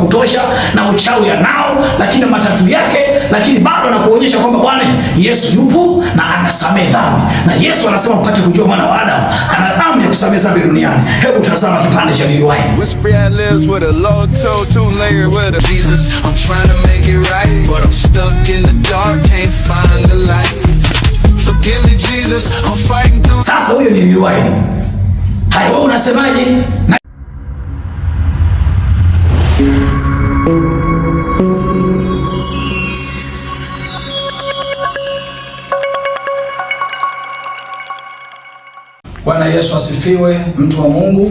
kutosha na uchawi anao, lakini matatu yake, lakini bado anakuonyesha kwamba Bwana Yesu yupo na anasamehe dhambi, na Yesu anasema mpate kujua mwana wa Adamu ana damu ya kusamehe dhambi duniani. Hebu tazama kipande cha Lil Wayne. Sasa huyo ni Lil Wayne. Hai, wewe unasemaje? Yesu asifiwe, mtu wa Mungu.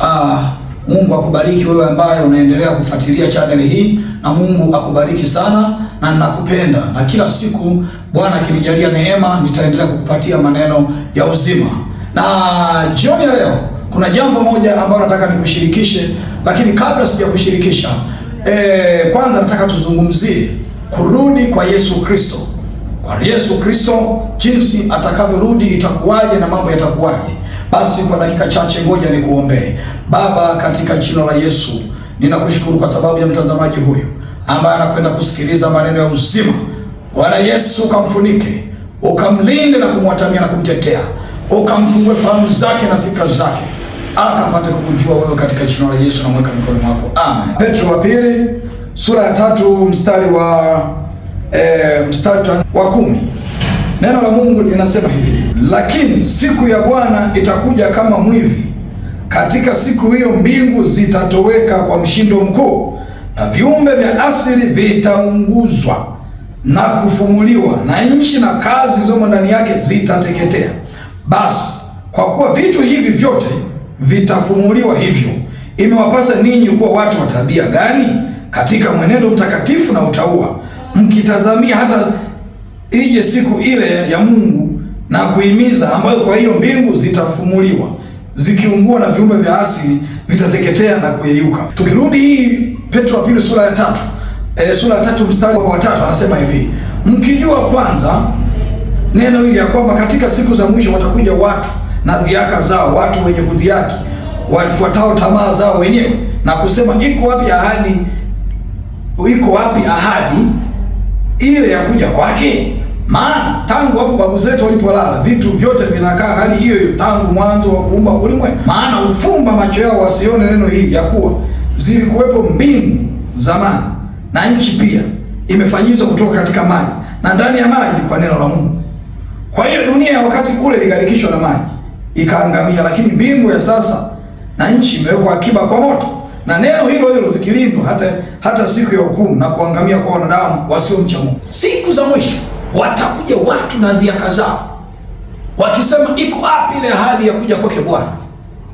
Aa, ah, Mungu akubariki wewe ambaye unaendelea kufuatilia chaneli hii, na Mungu akubariki sana, na ninakupenda, na kila siku Bwana akinijalia neema nitaendelea kukupatia maneno ya uzima. Na jioni ya leo kuna jambo moja ambalo nataka nikushirikishe, lakini kabla sijakushirikisha e, kwanza nataka tuzungumzie kurudi kwa Yesu Kristo. Kwa Yesu Kristo, jinsi atakavyorudi itakuwaje na mambo yatakuwaje? Basi kwa dakika chache, ngoja nikuombee. Baba, katika jina la Yesu ninakushukuru kwa sababu ya mtazamaji huyu ambaye anakwenda kusikiliza maneno ya uzima. Bwana Yesu, ukamfunike ukamlinde na kumwatamia na kumtetea, ukamfungue fahamu zake na fikra zake, akapate kukujua wewe, katika jina la Yesu namweka mikono mwako, amen. Petro wa pili sura ya tatu mstari wa e, mstari wa kumi neno la Mungu linasema hivi lakini siku ya Bwana itakuja kama mwivi. Katika siku hiyo mbingu zitatoweka kwa mshindo mkuu, na viumbe vya asili vitaunguzwa na kufumuliwa, na nchi na kazi zilizomo ndani yake zitateketea. Basi kwa kuwa vitu hivi vyote vitafumuliwa, hivyo imewapasa ninyi kuwa watu wa tabia gani katika mwenendo mtakatifu na utaua mkitazamia hata ije siku ile ya Mungu na kuhimiza, ambayo kwa hiyo mbingu zitafumuliwa zikiungua na viumbe vya asili vitateketea na kuyeyuka. Tukirudi hii Petro wa pili sura ya tatu e, sura ya tatu mstari wa tatu anasema hivi, mkijua kwanza neno hili ya kwamba katika siku za mwisho watakuja watu na dhiaka zao, watu wenye kudhiaki, walifuatao tamaa zao wenyewe na kusema, iko wapi ahadi, iko wapi ahadi ile ya kuja kwake? maana tangu hapo babu zetu walipolala vitu vyote vinakaa hali hiyo hiyo tangu mwanzo wa kuumba ulimwengu. Maana ufumba macho yao wasione neno hili, ya kuwa zilikuwepo mbingu zamani na nchi pia imefanyizwa kutoka katika maji na ndani ya maji kwa neno la Mungu. Kwa hiyo dunia ya wakati ule ligalikishwa na maji ikaangamia, lakini mbingu ya sasa na nchi imewekwa akiba kwa moto na neno hilo hilo zikilindwa hata hata siku ya hukumu na kuangamia kwa wanadamu wasiomcha Mungu. Siku za mwisho watakuja watu na dhiaka zao wakisema, iko wapi ile ahadi ya kuja kwake Bwana?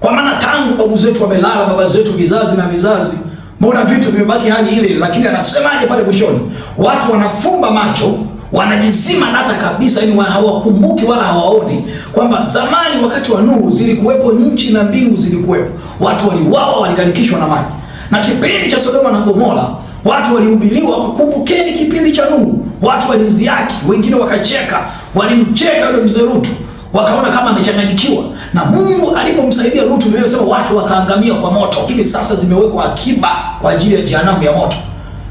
Kwa maana tangu babu zetu wamelala, baba zetu vizazi na vizazi, mbona vitu vimebaki hali ile? Lakini anasemaje pale mwishoni? Watu wanafumba macho wanajizima hata kabisa, yani hawakumbuki wala hawaoni kwamba zamani wakati wa Nuhu zilikuwepo nchi na mbingu zilikuwepo, watu waliwawa, walikalikishwa na maji, na kipindi cha Sodoma na Gomora Watu walihubiliwa, kukumbukeni kipindi cha Nuhu, watu waliziaki, wengine wakacheka, walimcheka yule mzee Lutu, wakaona kama amechanganyikiwa na Mungu alipomsaidia Lutu. ndio inasema watu wakaangamia kwa moto, lakini sasa zimewekwa akiba kwa ajili ya jehanamu ya moto.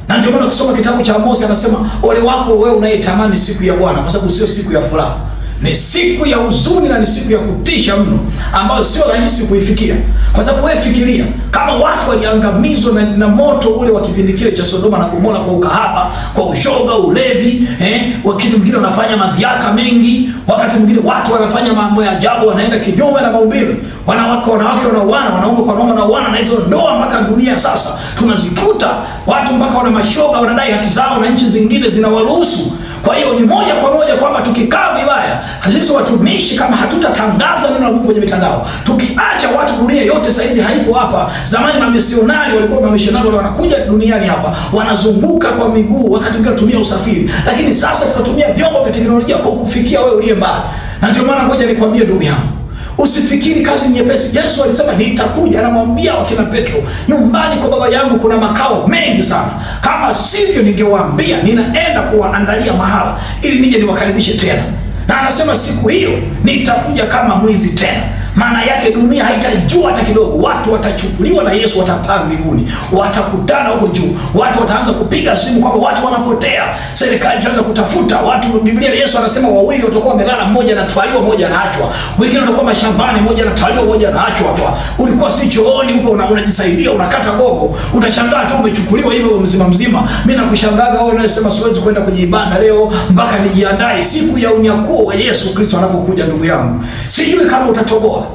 Na ndio maana ukisoma kitabu cha Amosi anasema, ole wako wewe unayetamani siku ya Bwana, kwa sababu sio siku ya furaha ni siku ya huzuni na ni siku ya kutisha mno, ambayo sio rahisi kuifikia, kwa sababu wewe fikiria kama watu waliangamizwa na, na moto ule wa kipindi kile cha Sodoma na Gomora, kwa ukahaba, kwa ushoga, ulevi, eh, wakati mwingine wanafanya madhiaka mengi, wakati mwingine watu wanafanya mambo ya ajabu, wanaenda kinyume na maumbile, wanawake wanawake wanauana, wanaume kwa wanaume wanauana, na hizo ndoa mpaka dunia sasa tunazikuta watu mpaka wana mashoga wanadai haki zao, na nchi zingine zinawaruhusu kwa hiyo ni moja kwa moja kwamba tukikaa vibaya sisi watumishi, kama hatutatangaza neno la Mungu kwenye mitandao, tukiacha watu, dunia yote saa hizi haipo hapa. Zamani mamisionari walikuwa, mamisionari wanakuja duniani hapa, wanazunguka kwa miguu, wakati mwingine tumia usafiri, lakini sasa tunatumia vyombo vya teknolojia kukufikia wewe uliye mbali, na ndio maana ngoja nikwambie ndugu yangu Usifikiri kazi nyepesi. Yesu alisema nitakuja, anamwambia wakina Petro, nyumbani kwa baba yangu kuna makao mengi sana, kama sivyo ningewaambia ninaenda kuwaandalia mahala, ili nije niwakaribishe tena. Na anasema siku hiyo nitakuja kama mwizi tena maana yake dunia haitajua hata kidogo. Watu watachukuliwa na Yesu, watapaa mbinguni, watakutana huko juu. Watu wataanza kupiga simu kwamba watu wanapotea, serikali itaanza kutafuta watu. Biblia Yesu anasema wawili watakuwa wamelala, mmoja anatwaliwa, mmoja anaachwa. Wengine watakuwa mashambani, mmoja anatwaliwa, mmoja anaachwa. Hapa ulikuwa si chooni huko, unajisaidia una unakata gogo, utashangaa tu umechukuliwa hivyo mzima mzima. Mimi nakushangaga wewe unayesema siwezi kwenda kwenye ibada leo mpaka nijiandae siku ya unyakuo wa Yesu Kristo anapokuja. Ndugu yangu, sijui kama utatoboa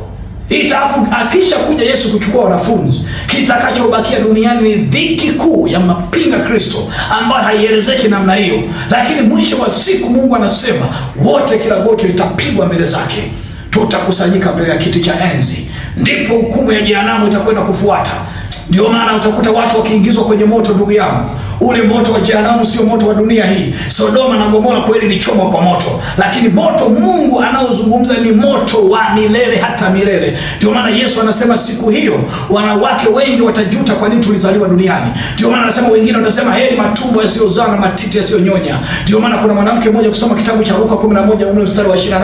Hitafu akisha kuja Yesu kuchukua wanafunzi, kitakachobakia duniani ni dhiki kuu ya mapinga Kristo ambayo haielezeki namna hiyo, lakini mwisho wa siku Mungu anasema wote, kila goti litapigwa mbele zake, tutakusanyika mbele ya kiti cha enzi, ndipo hukumu ya jehanamu itakwenda kufuata. Ndio maana utakuta watu wakiingizwa kwenye moto, ndugu yangu Ule moto wa jehanamu sio moto wa dunia hii. Sodoma na Gomora kweli ni ilichomwa kwa moto, lakini moto Mungu anaozungumza ni moto wa milele hata milele. Ndio maana Yesu anasema siku hiyo wanawake wengi watajuta kwa nini tulizaliwa duniani. Ndio maana anasema wengine watasema heri matumbo yasiyozaa na matiti yasiyonyonya. Ndio maana kuna mwanamke mmoja kusoma kitabu cha Luka 11 ule mstari wa 28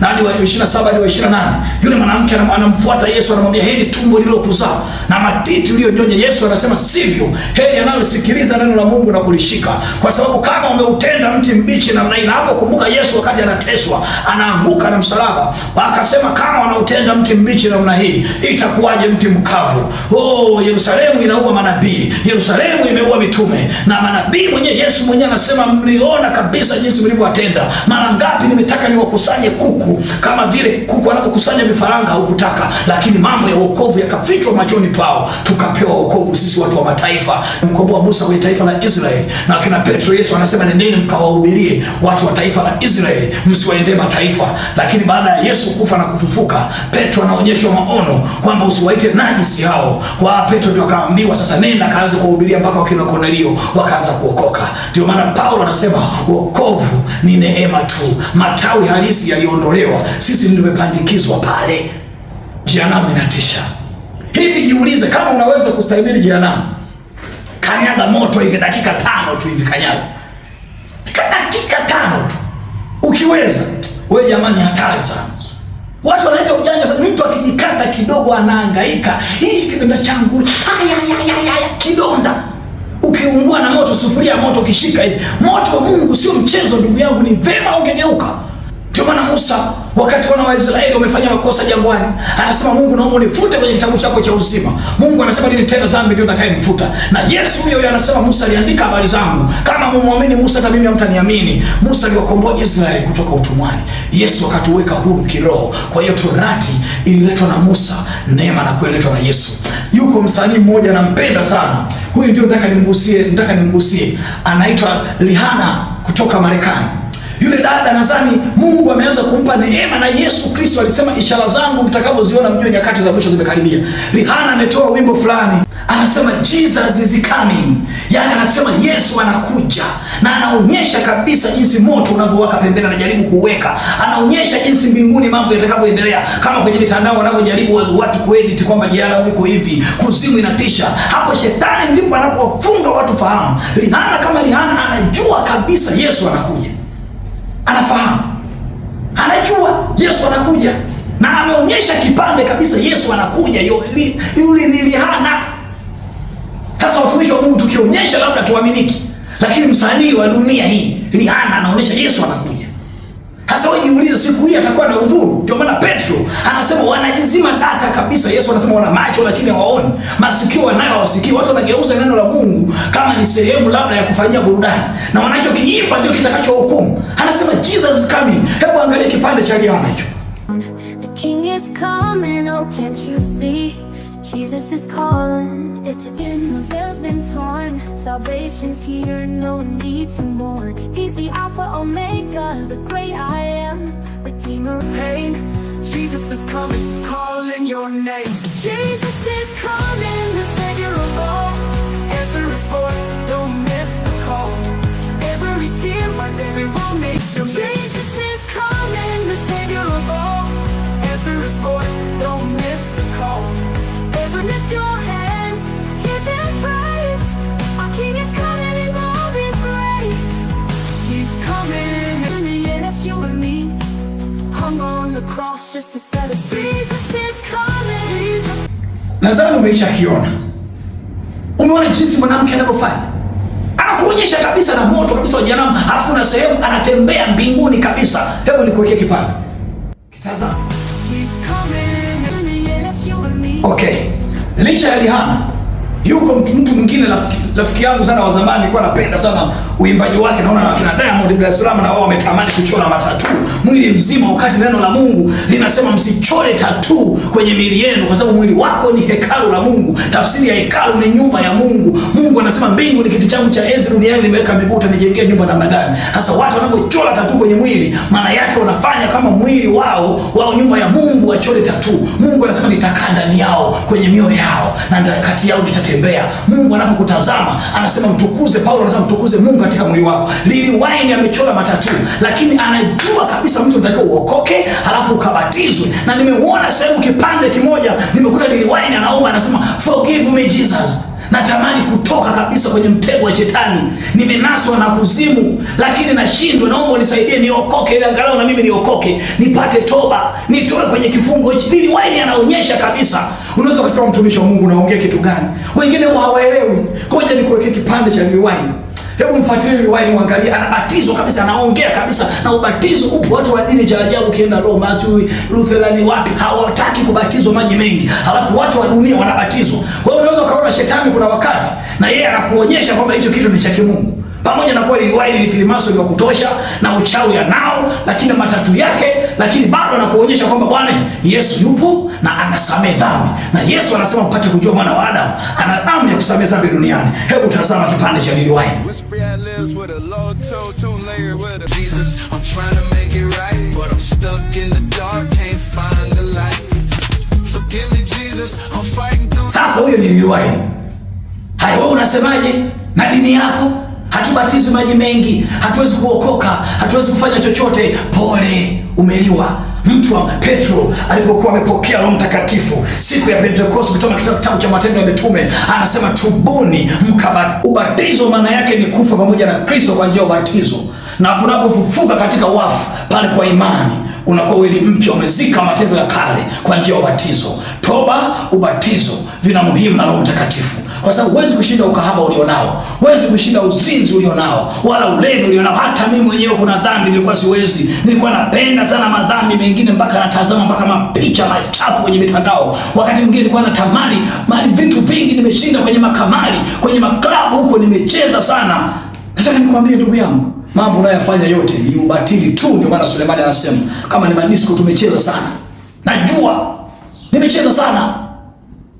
na hadi wa 27 hadi wa 28. Yule mwanamke anamfuata Yesu anamwambia heri tumbo lililokuzaa na matiti uliyonyonya. Yesu anasema sivyo, heri analosikiliza neno la Mungu na kulishika, kwa sababu kama umeutenda mti mbichi namna hii, na hapo kumbuka Yesu wakati anateswa anaanguka na msalaba, akasema kama wanautenda mti mbichi namna hii itakuwaje mti mkavu? Oh, Yerusalemu inaua manabii, Yerusalemu imeua mitume na manabii mwenyewe. Yesu mwenyewe anasema mliona kabisa jinsi mlivyowatenda. Mara ngapi nimetaka niwakusanye kuku kama vile kuku wanapokusanya vifaranga, hukutaka, lakini mambo ya wokovu yakafichwa machoni pao, tukapewa wokovu sisi watu wa mataifa, mkomboa Musa kwenye taifa taifa la Israeli, na akina Petro, Yesu anasema nendeni mkawahubirie watu wa taifa la Israeli, msiwaende mataifa. Lakini baada ya Yesu kufa na kufufuka, Petro anaonyeshwa maono kwamba usiwaite najisi hao. Kwa Petro ndio akaambiwa sasa, nenda kaanze kuhubiria mpaka wakina Kornelio wakaanza kuokoka. Ndio maana Paulo anasema wokovu ni neema tu, matawi halisi yaliondolewa, sisi tumepandikizwa pale. Jehanamu inatisha hivi. Jiulize kama unaweza kustahimili jehanamu kanyaga moto hivi dakika tano tu hivi, kanyaga dakika tano tu ukiweza. We jamani, hatari sana watu wanaita ujanja sana. Mtu akijikata kidogo anahangaika, hii kidonda changu, haya kidonda. Ukiungua na moto, sufuria moto kishika hivi moto, Mungu sio mchezo ndugu yangu, ni vema ungegeuka ndio maana Musa wakati wana wa Israeli wamefanya makosa jangwani, anasema Mungu, naomba unifute kwenye kitabu chako cha uzima. Mungu anasema nini tena dhambi ndio nitakayemfuta? Na Yesu huyo huyo anasema Musa, aliandika habari zangu, kama mumwamini Musa hata mimi hamtaniamini. Musa aliwakomboa Israeli kutoka utumwani, Yesu akatuweka huru kiroho. Kwa hiyo torati ililetwa na Musa, neema na kweli na Yesu. Yuko msanii mmoja nampenda sana, huyu ndio nataka nimgusie, nataka nimgusie, anaitwa Rihanna kutoka Marekani. Yule dada nadhani Mungu ameanza kumpa neema, na Yesu Kristo alisema ishara zangu mtakavyoziona mjue nyakati za mwisho zimekaribia. Rihanna ametoa wimbo fulani anasema Jesus is coming, yaani anasema Yesu anakuja, na anaonyesha kabisa jinsi moto unavyowaka pembeni, anajaribu kuweka, anaonyesha jinsi mbinguni mambo yatakavyoendelea, kama kwenye mitandao wanavyojaribu watu kuedit kwamba jiala uko hivi, kuzimu inatisha. Hapo shetani ndipo anapofunga watu fahamu. Rihanna kama Rihanna anajua kabisa Yesu anakuja anafahamu, anajua Yesu anakuja na ameonyesha kipande kabisa, Yesu anakuja yule ni Rihana. Sasa watumishi wa Mungu tukionyesha labda tuaminiki, lakini msanii wa dunia hii Rihana anaonyesha Yesu anakuja. Sasa wewe jiulize, siku hii atakuwa na udhuru. Ndio maana Petro anasema wanajizima data kabisa. Yesu anasema wana macho lakini hawaoni, masikio wanayo hawasikii. Watu wanageuza neno la Mungu kama ni sehemu labda ya kufanyia burudani, na wanachokiimba ndio kitakachohukumu. Anasema Jesus is coming. Hebu angalia kipande cha jana hicho. The king is coming, oh, can't you see? Jesus is calling, it's a sin. the veil's been torn Salvation's here, no need to mourn He's the Alpha Omega, the great I am Redeemer of pain Jesus is coming, calling your name Jesus is coming, the Savior of all Answer his voice, don't miss the call Every tear, my David will make sure Jesus kiona, umeona jinsi mwanamke anavyofanya, anakuonyesha kabisa na moto kabisa wa jehanamu, na sehemu anatembea mbinguni kabisa. Hebu nikuwekee kipande, kitazama. Okay, licha ya Rihana yuko mtu mwingine rafiki rafiki yangu sana wa zamani, nilikuwa napenda sana uimbaji wake, naona na kina Diamond Dar es Salaam na wao wametamani kuchora matatu mwili mzima, wakati neno la Mungu linasema msichore tatu kwenye miili yenu, kwa sababu mwili wako ni hekalu la Mungu. Tafsiri ya hekalu ni nyumba ya Mungu. Mungu anasema mbingu ni kiti changu cha enzi, duniani nimeweka miguu, utanijengea nyumba namna gani? Sasa watu wanapochora tatu kwenye mwili, maana yake wanafanya kama mwili wao wao nyumba ya Mungu, wachore tatu. Mungu anasema nitakaa ndani yao, kwenye mioyo yao na kati yao nitatoa unapotembea, Mungu anapokutazama anasema mtukuze. Paulo anasema mtukuze Mungu katika mwili wako. Lili Wine amechora matatu, lakini anajua kabisa mtu anataka uokoke halafu ukabatizwe. Na nimeuona sehemu kipande kimoja nimekuta Lili Wine anaomba anasema forgive me Jesus natamani kutoka kabisa kwenye mtego wa shetani, nimenaswa na kuzimu, lakini nashindwa. Naomba unisaidie niokoke, ili angalau na mimi niokoke, nipate toba, nitoe kwenye kifungo hichi. Bili Wine anaonyesha kabisa. Unaweza kusema mtumishi wa Mungu, naongea kitu gani? Wengine hawaelewi. Ngoja nikuwekee kipande cha Bili Wine. Hebu mfuatilie Liwai niangalie, anabatizwa kabisa, anaongea kabisa na ubatizo upo. Watu wa dini cha ajabu, ukienda Roma Mathew, Lutherani, wapi hawataki kubatizwa maji mengi, halafu watu wa dunia wanabatizwa. Kwa hiyo unaweza ukaona shetani kuna wakati na yeye anakuonyesha kwamba hicho kitu ni cha kimungu, pamoja na kweli Liwai ni filimasoni wa kutosha na uchawi anao, lakini matatu yake lakini bado anakuonyesha kwamba Bwana Yesu yupo na anasamehe dhambi, na Yesu anasema mpate kujua mwana wa Adamu ana damu ya kusamehe dhambi duniani. Hebu tazama kipande cha Lil Wayne. Sasa huyo ni Lil Wayne. Hai, wewe unasemaje na dini yako? hatubatizwi maji mengi, hatuwezi kuokoka, hatuwezi kufanya chochote. Pole, umeliwa. Mtu wa Petro alipokuwa amepokea Roho Mtakatifu siku ya Pentekoste, kutoka katika kitabu cha Matendo ya Mitume anasema tubuni, ubatizo, maana yake ni kufa pamoja na Kristo kwa njia ya ubatizo, na kunapofufuka katika wafu pale kwa imani unakuwa wili mpya, umezika matendo ya kale kwa njia ya ubatizo. Toba, ubatizo vina muhimu na Roho Mtakatifu kwa sababu huwezi kushinda ukahaba ulionao, huwezi kushinda uzinzi ulionao, wala ulevi ulionao. Hata mimi mwenyewe kuna dhambi nilikuwa siwezi, nilikuwa napenda sana madhambi mengine, mpaka natazama mpaka mapicha machafu kwenye mitandao. Wakati mwingine nilikuwa natamani mali, vitu vingi nimeshinda kwenye makamali, kwenye maklabu huko, nimecheza sana. Nataka nikwambie ndugu yangu, mambo unayofanya yote ni ubatili tu. Ndio maana Sulemani anasema kama ni madisko tumecheza sana, najua nimecheza sana,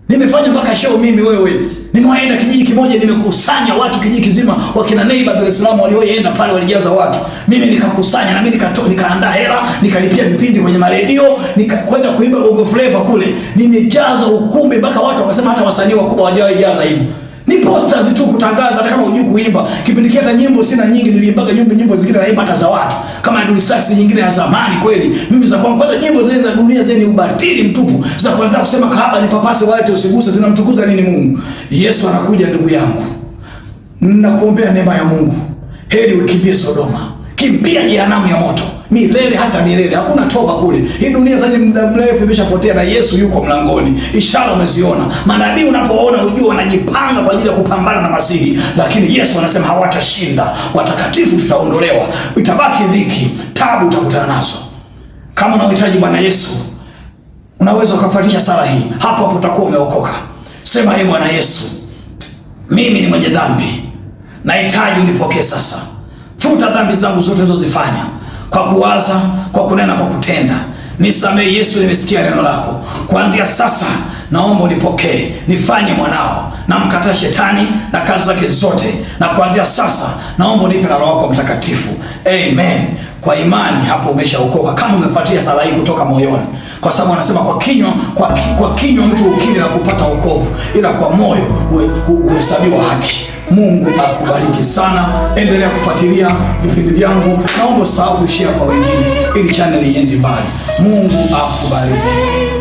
nimefanya mpaka show mimi wewe Nimewaenda kijiji kimoja, nimekusanya watu kijiji kizima, wakina neiba Dar es Salaam walioenda pale walijaza watu, mimi nikakusanya na mimi nikaandaa hela, nikalipia vipindi kwenye maredio, nikakwenda kuimba bongo flavor kule, nimejaza ukumbi mpaka watu wakasema hata wasanii wakubwa hawajawahi jaza hivi. Ni posters tu kutangaza hata kama hujui kuimba. Kipindi kile hata nyimbo sina nyingi niliimbaga nyimbo nyimbo zingine naimba hata za watu. Kama Dully Sykes nyingine ya zamani kweli. Mimi za kwangu kwanza nyimbo zile za dunia zile ni ubatili mtupu. Za kwanza kusema kahaba ni papasi wote usiguse zinamtukuza nini Mungu? Yesu anakuja ndugu yangu. Nakuombea neema ya Mungu. Heri ukimbie Sodoma. Kimbia jehanamu ya moto milele hata milele, hakuna toba kule. Hii dunia sasa muda mrefu imeshapotea na Yesu yuko mlangoni. Ishara umeziona, manabii unapoona ujue wanajipanga kwa ajili ya kupambana na Masihi, lakini Yesu anasema hawatashinda. Watakatifu tutaondolewa, itabaki dhiki, tabu utakutana nazo. Kama unamhitaji Bwana Yesu, unaweza ukafuatisha sala hii hapo hapo, utakuwa umeokoka. Sema, ee Bwana Yesu, mimi ni mwenye dhambi, nahitaji unipokee sasa. Futa dhambi zangu zote nilizozifanya kwa kuwaza, kwa kunena, kwa kutenda. Nisamehe Yesu, nimesikia neno lako. Kuanzia sasa naomba unipokee, nifanye mwanao, namkataa shetani na kazi zake zote, na kuanzia sasa naomba unipe na Roho wako Mtakatifu. Amen kwa imani, hapo umeshaokoka, kama umepatia sala hii kutoka moyoni, kwa sababu anasema kwa kinywa kwa, kwa kinywa mtu ukiri na kupata wokovu, ila kwa moyo huhesabiwa haki. Mungu akubariki sana, endelea kufuatilia vipindi vyangu. Naomba usahau kushare kwa wengine, ili chaneli iende mbali. Mungu akubariki.